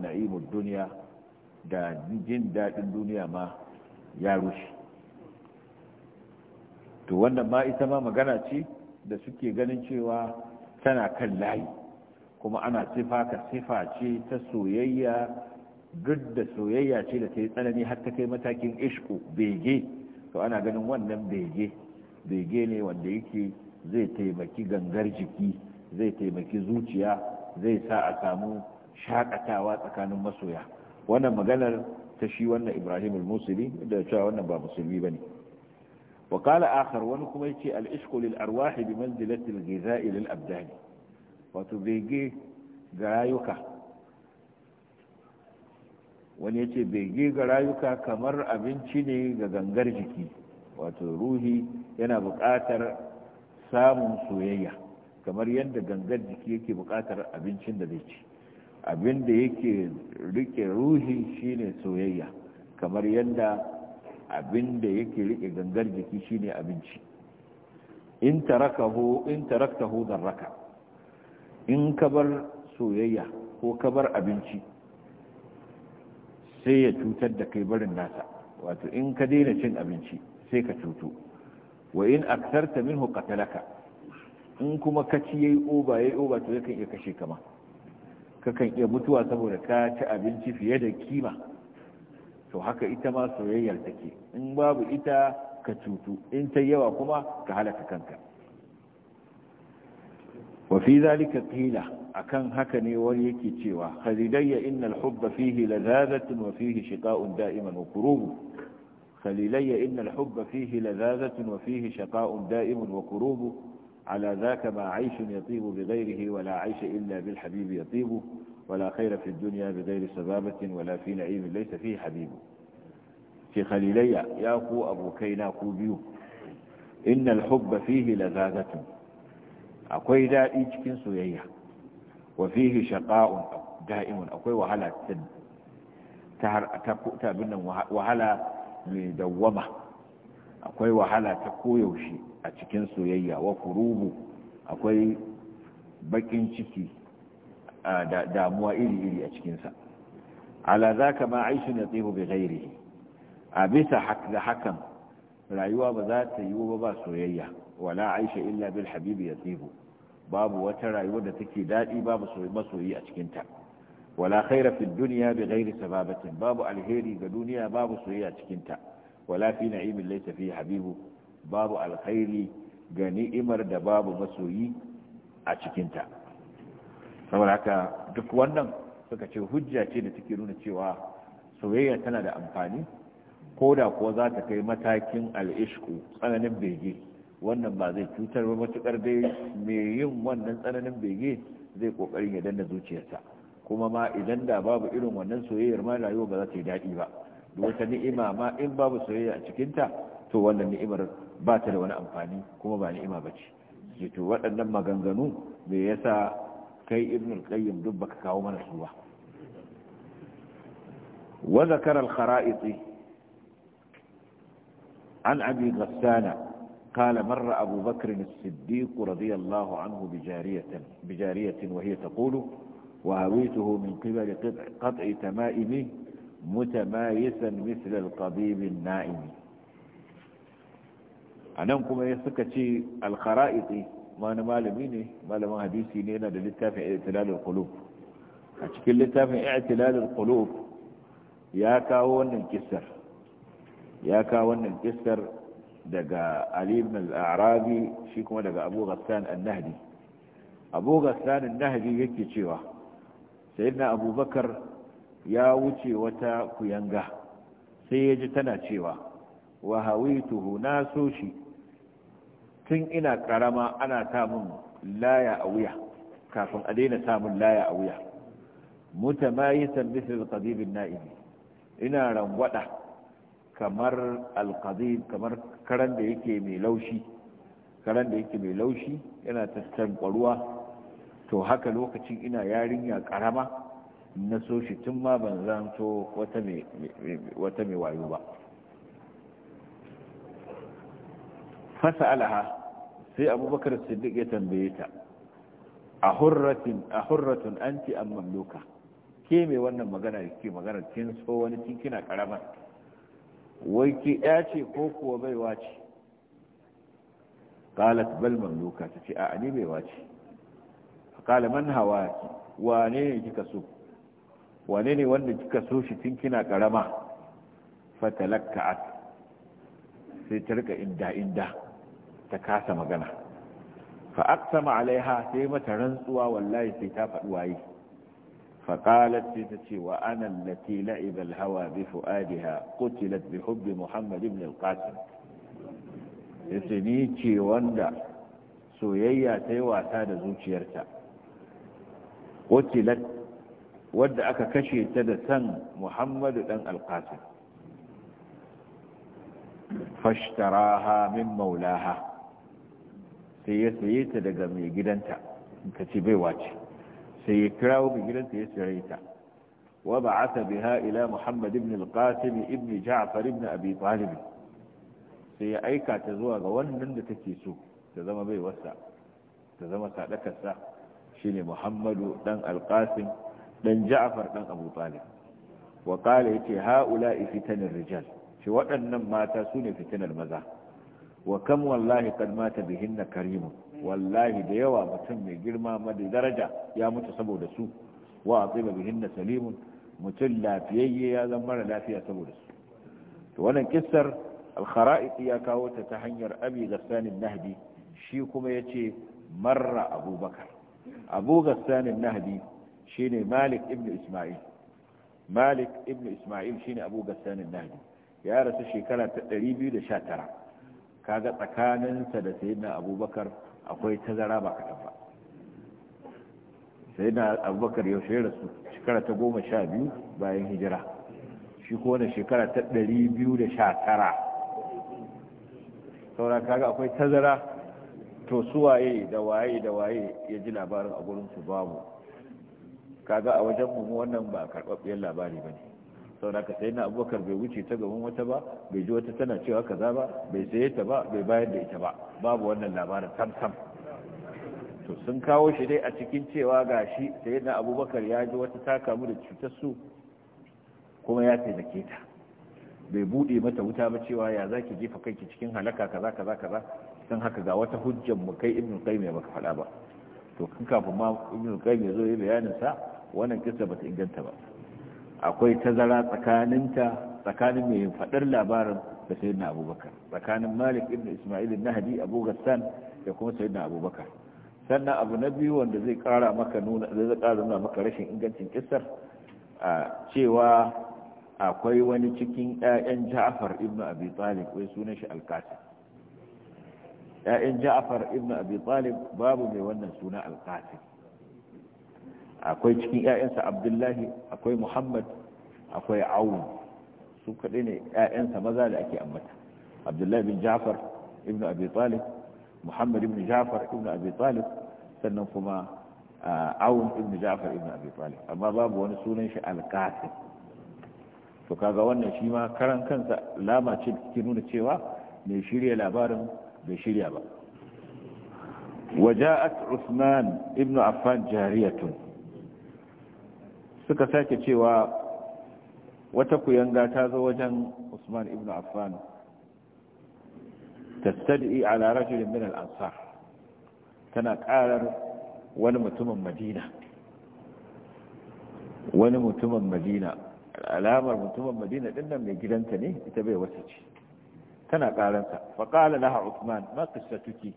na'imud duniya da jin daɗin duniya ma ya rushe to wannan ma ita ma magana ce da suke ganin cewa tana kan layi kuma ana sifa ka sifa ce ta soyayya duk da soyayya ce da ta yi tsanani har ta kai matakin ishku bege to ana ganin wannan bege bege ne wanda yake zai taimaki gangar jiki zai taimaki zuciya zai sa a samu shakatawa tsakanin masoya wannan maganar ta shi wannan ibrahim al-musuli da cewa wannan ba musulmi ba ne wa akhar wani kuma yace al-ishqu lil arwahi bi manzilati al-ghiza'i lil wato bege ga wani yace bege ga rayuka kamar abinci ne ga gangar jiki wato ruhi yana buƙatar samun soyayya kamar yadda gangar jiki yake buƙatar abincin da zai ci abin da yake rike ruhi shine soyayya kamar yadda abin da yake rike gangar jiki shine abinci in tarakahu in taraktahu darraka in ka soyayya ko ka bar abinci sai ya cutar da kai barin nasa wato in ka daina cin abinci sai ka cutu wa in aktarta minhu qatalaka in kuma ka ci yayi oba yayi oba to yakan iya kashe ma kakan iya mutuwa saboda ka ci abinci fiye da kima to haka ita ma soyayyar take in babu ita ka cutu in ta yawa kuma ka halaka kanka wa fi zalika qila akan haka ne wani yake cewa khalidayya innal hubba fihi ladhadatun wa fihi shiqa'un da'iman wa kurubun خليلي إن الحب فيه لذاذة وفيه شقاء دائم وكروب على ذاك ما عيش يطيب بغيره ولا عيش إلا بالحبيب يطيب ولا خير في الدنيا بغير سبابة ولا في نعيم ليس فيه حبيب في خليلي يا كو أبو كينا كو بيو إن الحب فيه لذاذة أكوي دائي جكين سويا وفيه شقاء دائم أكوي وهلا تن تابنا وهلا مدومة أكوي وهلا تكو يوشي أتكين سويا وكروب أكوي bakin ciki damuwa iri-iri a cikinsa ala za ka ma aishi na tsibu bai gairi a bisa da hakan rayuwa ba za ta yi ba soyayya wala aisha illa bil habibi ya tsibu babu wata rayuwa da take daɗi babu masoyi a cikinta wala khaira fi duniya bi ghairi sababatin babu alheri ga duniya babu soyayya a cikinta wala fi na'imin laysa fi habibu babu alkhairi ga ni'imar da babu masoyi a cikinta saboda haka duk wannan suka ce hujja ce da take nuna cewa soyayya tana da amfani ko da kuwa za ta kai matakin al'ishku tsananin bege wannan ba zai cutar ba matukar dai mai yin wannan tsananin bege zai kokarin ya danna zuciyarsa kuma ma idan da babu irin wannan soyayyar ma rayuwa ba za ta yi daɗi ba wata ni'ima ma in babu soyayya a cikinta to wannan ni'imar ba ta da wani amfani kuma ba ni'ima ba ce to waɗannan maganganu me yasa كي ابن القيم دبك كاوما baka وذكر الخرائط عن أبي غسان قال مر أبو بكر الصديق رضي الله عنه بجارية, بجارية وهي تقول وهويته من قبل قطع, قطع تمائمه متمايسا مثل القضيب النائم أنكم يسكتي الخرائط wani malami ne malamin hadisi ne yana da littafin i'tilalul qulub a cikin littafin i'tilalul qulub ya kawo wannan kissar ya kawo wannan kissar daga Ali ibn al-Arabi shi kuma daga Abu Ghassan an-Nahdi Abu Ghassan an-Nahdi yake cewa sayyidina Abubakar ya wuce wata kuyanga sai ya ji tana cewa wa tuhu na so shi tun ina karama ana samun laya a wuya kafin a daina samun laya a wuya mutamayisan da kazibin na'ibi ina rangwada kamar alkazib kamar karan da yake mai laushi karan da yake mai laushi yana tattan kwaruwa to haka lokacin ina yarinya karama na soshi tun ma ban zanto wata mai wayo ba Fasa Alaha, sai abubakar siddiq ya tambaye ta a hurratin a hurratun anti am mamluka ke mai wannan magana ke magana kin so wani kin kina wai ki ya ce ko kuwa baiwa ce qalat bal mamluka ta ce a ni baiwa ce qala man hawaki wane ne kika so wane ne wanda kika so shi tun kina karama fatalakka'at sai ta rika inda inda ta kasa magana fa aqsama alaiha sai mata rantsuwa wallahi sai ta faɗi waye fa qalat sai ta ce wa ana allati la'iba al-hawa bi fuadiha qutilat bi hubbi muhammad ibn al yace ni ce wanda soyayya ta yi wasa da zuciyarta qutilat wadda aka kashe ta da san muhammadu dan al fashtaraha min maulaha sai ya saye ta daga mai gidanta ka ce bai wace sai ya kira mai gidanta ya saye ta wa ba'atha biha ila Muhammad ibn al-Qasim ibn Ja'far ibn Abi Talib sai ya aika ta zuwa ga wannan da take so ta zama bai wasa ta zama sadakarsa shine Muhammadu dan al-Qasim dan Ja'far dan Abu Talib wa qala yace ha'ula'i fitanir rijal shi waɗannan mata sune fitinar maza wa kam wallahi kad mata bihinna karimun wallahi da yawa mutum mai girma madi daraja ya mutu saboda su wa aqiba bihinna salimun mutum lafiyayye ya zama mara lafiya saboda su to wannan kissar al ya kawo ta ta hanyar abi gassan nahdi shi kuma yace marra abubakar abu gassan nahdi shine malik ibn isma'il malik ibn isma'il shine abu gassan nahdi ya rasu shekara ta 219 kaga tsakaninsa da sayyidina abubakar akwai tazara ba kaɗan ba sayyidina abubakar yaushe rasu shekara ta goma sha biyu bayan hijira shi ko wani shekara ta ɗari biyu da sha tara saura kaga akwai tazara to su waye da waye da waye ya ji labarin a gurin su babu kaga a wajen mu wannan ba karɓaɓɓiyar labari ba ne saboda ka sai na abubakar bai wuce ta gaban wata ba bai ji wata tana cewa kaza ba bai saye ta ba bai bayar da ita ba babu wannan labarin sam to sun kawo shi dai a cikin cewa ga shi sai na abubakar ya ji wata ta kamu da cutar su kuma ya taimake ta bai buɗe mata wuta ba cewa ya za ki jefa kanki cikin halaka kaza kaza kaza sun haka ga wata hujjar mu kai ibnu qayyim mai baka faɗa ba to kafin ma ibnu qayyim ya zo ya bayanin sa wannan kissa bata inganta ba akwai tazara tsakaninta tsakanin mai faɗar labarin da sayyidina abubakar tsakanin malik ibn ismail na hadi abu gassan da kuma sayyidina abubakar sannan abu na biyu wanda zai kara maka nuna zai kara nuna maka rashin ingancin kisar a cewa akwai wani cikin ƴaƴan Ja'far ibn Abi Talib wai sunan shi al ƴaƴan Ja'far ibn Abi Talib babu mai wannan suna al akwai cikin ‘ya'yansa abdullahi akwai muhammad akwai awun su kaɗai ne ‘ya'yansa maza da ake ambata abdullahi bin jafar ibn abi talib muhammad ibn jafar ibn abi talib sannan kuma awun ibn jafar ibn abi talib amma babu wani sunan shi alkasin to kaga wannan shi ma karan kansa lama ce ke nuna cewa mai shirya labarin bai shirya ba وجاءت عثمان ابن عفان جارية suka sake cewa wata kuyanga ta zo wajen usman ibn affan tastad'i ala rajulin min al-ansar tana karar wani mutumin madina wani mutumin madina alamar mutumin madina din mai gidanta ne ita bai wata ce tana karansa fa qala laha usman ma qissatuki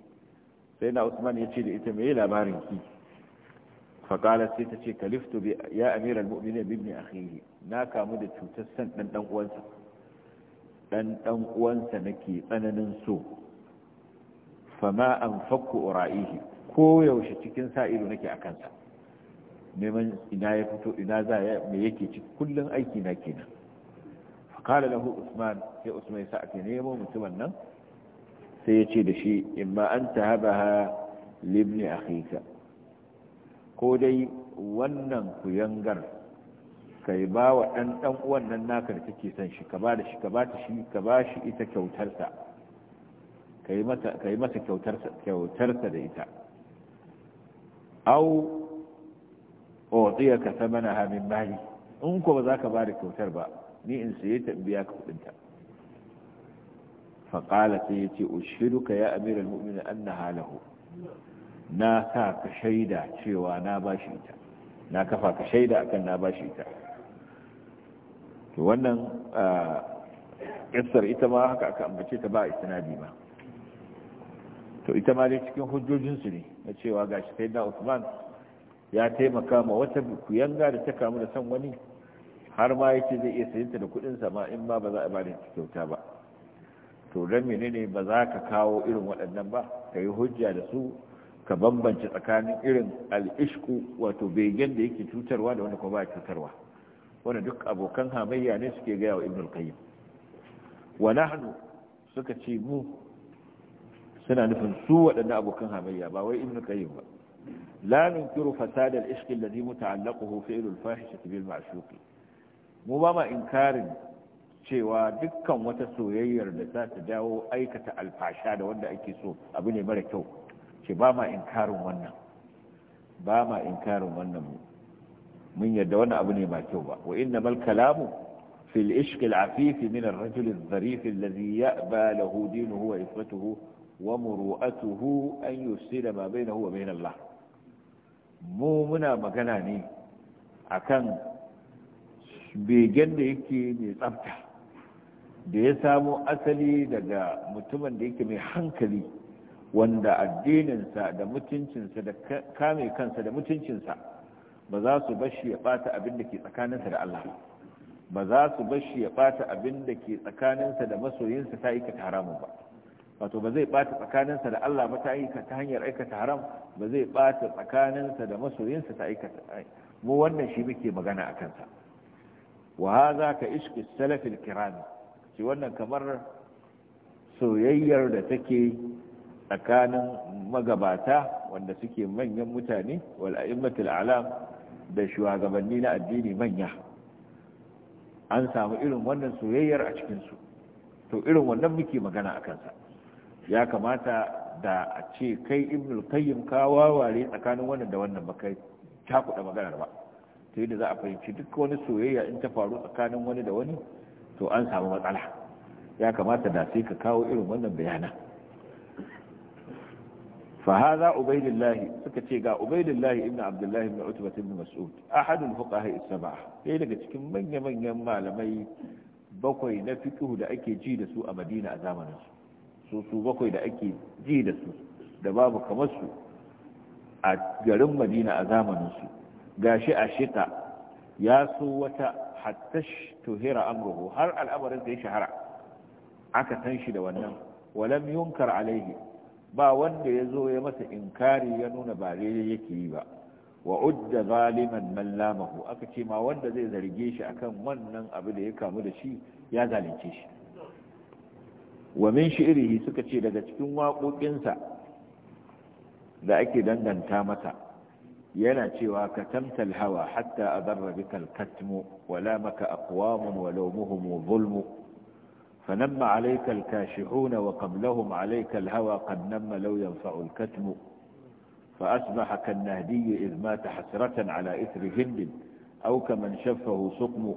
sai na usman ya ce da ita me labarin ki faƙala sai ta ce kalifto ya amiral mumini bibni akhihi na kamu da cutar san ɗan ɗan uwansa ɗan ɗan uwansa nake tsananin so fama an fakku ura'ihi ko yaushe cikin sa ido nake a kansa neman ina ya fito ina za ya me yake ci kullun aiki na kenan faƙala lahu usman sai usman ya sa ake nemo mutumin nan sai ya ce da shi ma an ta habaha libni akhika ko dai wannan kuyangar kai ba wa ɗan ɗan uwan nan naka da kake son shi ka ba da shi ka ba ta shi ka ba shi ita kyautarsa ka yi masa kyautarsa da ita au o tsiya ka samana hamin mali in ko ba za ka ba da kyautar ba ni in sai ta biya ka kudinta faƙala sai ya ce ushiruka ya amiral mu'minin an na halahu na sa ka shaida cewa na ba shi ita na kafa ka shaida akan na ba shi ita to wannan ƙasar ita ma haka aka ambace ta ba istinadi ba to ita ma dai cikin hujjojinsu ne na cewa gashi shi sayyidina Usman ya taimaka ma wata kuyanga da ta kamu da san wani har ma yace zai iya sayinta da kuɗin sa ma in ma ba za a bada kyauta ba to dan menene ba za ka kawo irin waɗannan ba ka yi hujja da su ka bambance tsakanin irin al'ishku wato begen da yake cutarwa da wanda kuma ba cutarwa wanda duk abokan hamayya ne suke gaya wa ibn al-qayyim wa nahnu suka ce mu suna nufin su waɗanda abokan hamayya ba wai ibn al-qayyim ba la nunkiru fasad al-ishq alladhi muta'allaquhu fi'l al-fahishati bil ma'shuqi mu ba ma inkarin cewa dukkan wata soyayyar da za ta dawo aikata alfasha da wanda ake so abu ne mara kyau ce ba ma inkarin wannan ba ma inkarin wannan mun yadda wannan abu ne ba kyau ba wa inna mal kalamu rajul al zarif alladhi ya'ba lahu dinuhu wa ifatuhu wa muru'atuhu an yusila ma ما wa وبين Allah mu muna magana ne akan begen da yake mai tsafta da ya samo asali daga mutumin da yake mai hankali wanda addininsa da mutuncinsa da kame kansa da mutuncinsa ba za su bashi ya bata abin da ke tsakaninsa da Allah ba za su bashi ya bata abin da ke tsakaninsa da masoyinsa ta aikata haramun ba wato ba zai bata tsakaninsa da Allah ba ta aikata hanyar aikata haram ba zai bata tsakaninsa da masoyinsa ta aikata mu wannan shi muke magana a kansa wa hadha ka ishqi salafil kiram shi wannan kamar soyayyar da take tsakanin magabata wanda suke manyan mutane wal a'immatul alam da shugabanni na addini manya an samu irin wannan soyayyar a cikinsu to irin wannan muke magana a kansa ya kamata da a ce kai ibnul qayyim ka waware tsakanin wannan da wannan ba kai cakuɗa maganar ba to yadda za a fahimci duk wani soyayya in ta faru tsakanin wani da wani to an samu matsala ya kamata da sai ka kawo irin wannan bayanan فهذا عبيد الله سكتي قال عبيد الله ابن عبد الله بن عتبة بن مسعود أحد الفقهاء السبعة إيه لك تكن من يمن يما لمي بقوي نفكه دا أكي جي دسو أمدينة أزامنا سو سو بقوي دا أكي جي دسو دباب كمسو أجرم مدينة أزامنا سو قاشي أشيطة ياسو وتا حتى اشتهر أمره هر الأمر زي شهر عكا تنشد ونم ولم ينكر عليه ba wanda ya zo ya masa inkari ya nuna ba daidai yake yi ba wa udda zaliman man lamahu aka ce ma wanda zai zarge shi akan wannan abu da ya kamu da shi ya zalunce shi wa min shi'rihi suka ce daga cikin waƙoƙinsa da ake danganta mata yana cewa ka tamtal hawa hatta a bikal katmu wala maka aqwamun wa lawmuhum zulmu فنم عليك الكاشحون وقبلهم عليك الهوى قد نم لو ينفع الكتم فأصبح كالنهدي إذ مات حسرة على إثر جند أو كمن شفه سقم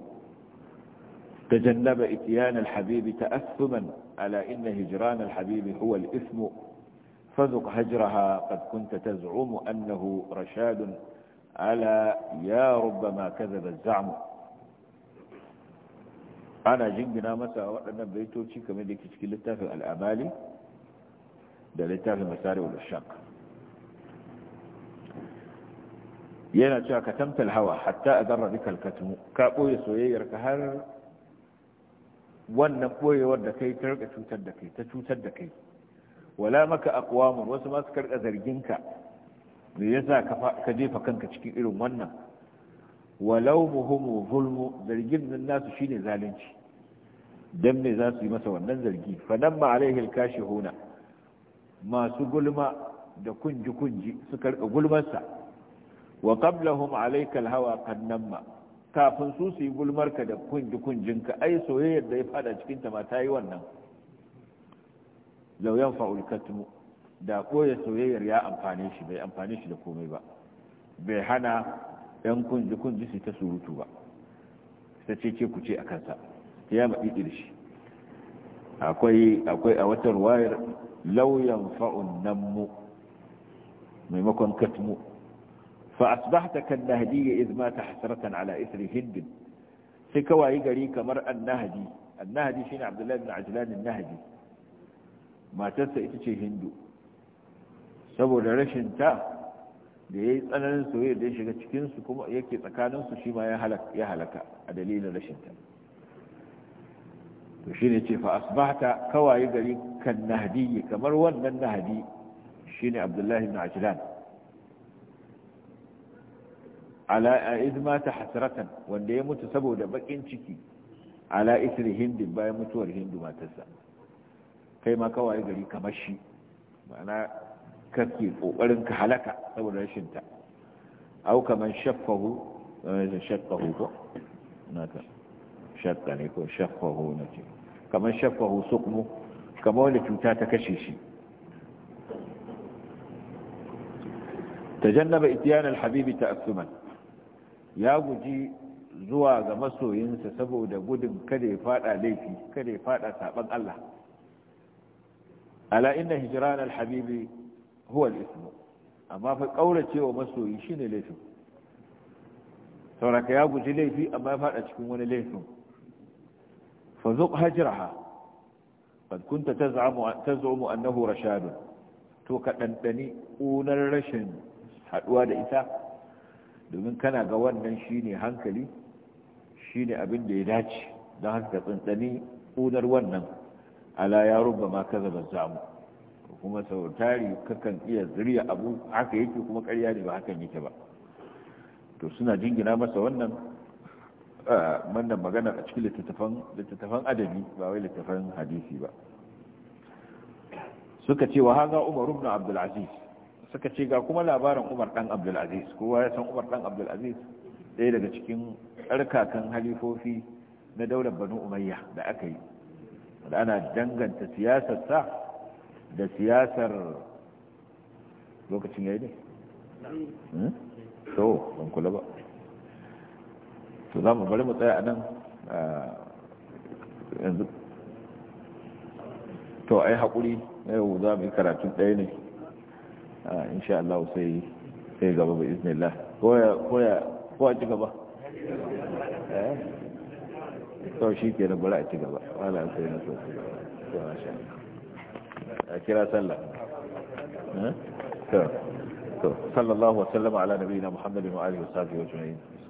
تجنب إتيان الحبيب تأثما ألا إن هجران الحبيب هو الإثم فذق هجرها قد كنت تزعم أنه رشاد ألا يا ربما كذب الزعم ana jingina masa waɗannan baitoci kamar da ke cikin littafin al'amali da littafin masari wa yana cewa ka tamtal hawa hatta a zarra duka alkatmu ka ɓoye soyayyar ka har wannan ɓoyewar da kai ta rika cutar da kai ta cutar da kai wala maka akwamun wasu masu karka zarginka me yasa ka jefa kanka cikin irin wannan walau muhimmu zulmu zargin nan nasu shine zalunci dan me za su yi masa wannan zargi fadan ma alaihi alkashihuna masu gulma da kunji kunji su karɓi gulmarsa wa qablahum alayka alhawa ma kafin su su yi ka da kunji kunjinka ai soyayyar da ya fada cikin ta ma ta yi wannan law fa'ulkatu katmu da koya soyayyar ya amfane shi bai amfane shi da komai ba bai hana yan kunji kunji su ta surutu ba ta ce ce ku ce a kansa ya maɗi da shi akwai akwai a watan wayar lauyan fa'un nan mu maimakon katmu فأصبحت كالنهدي إذ مات حسرة على إثر هند سكوى يقري كمرأة النهدي النهدي شين عبد الله بن عجلان النهدي ما تنسى إتشي هندو سبو لرشن تا da ya yi tsananin soyayya da ya shiga cikinsu kuma yake tsakaninsu shi ma ya halaka a dalilin rashinta to shi ne ce fa asbahta kawaye gari kan nahdi kamar wannan nahdi shi ne abdullahi ibn ajlan ala izma ta hasratan wanda ya mutu saboda bakin ciki ala isri hindin bayan mutuwar hindu matarsa kai ma kawaye gari kamar shi ma'ana kake kokarin ka halaka saboda rashin ta au kaman shaffahu eh, shaffahu ko naka shakka ne ko shaffahu nace kaman shaffahu sukmu kamar wanda cuta ta kashe shi tajannaba ityan alhabibi ta'assuman ya guji zuwa ga masoyinsa saboda gudun kada ya fada laifi kada ya fada saban Allah ala inna hijran alhabibi huwa al-ismu amma kauracewa masoyi shine laifin sauraka ya guji laifi amma ya fada cikin wani laifin fa zuq hajraha qad kunta taz'amu taz'umu annahu rashad to ka dandani unar rashin haduwa da ita domin kana ga wannan shine hankali shine abin da ya dace don haka tsantsani unar wannan ala ya rubba ma kaza zamu kuma sau tari kakan iya zuriya abu haka yake kuma karya ne ba hakan yake ba to suna jingina masa wannan wannan magana a cikin littattafan littattafan adami ba wai littattafan hadisi ba suka ce wa haza umar ibn abdul aziz suka ce ga kuma labarin umar dan abdul aziz kowa ya san umar dan abdul aziz ɗaya daga cikin tsarkakan halifofi na daular banu umayya da aka yi da ana danganta siyasarsa da siyasar lokacin ya yi so hmm? ban kula ba to za mu bari mu tsaya a nan yanzu to ai haƙuri yau za mu yi karatun ɗaya ne insha Allah sai sai gaba ba iznillah koya koya ko a ci gaba eh? to shi ke da bari a ci gaba wala sai na so to masha Allah a kira sallah eh? to sallallahu wasallama ala nabiyina muhammadin wa alihi wa sahbihi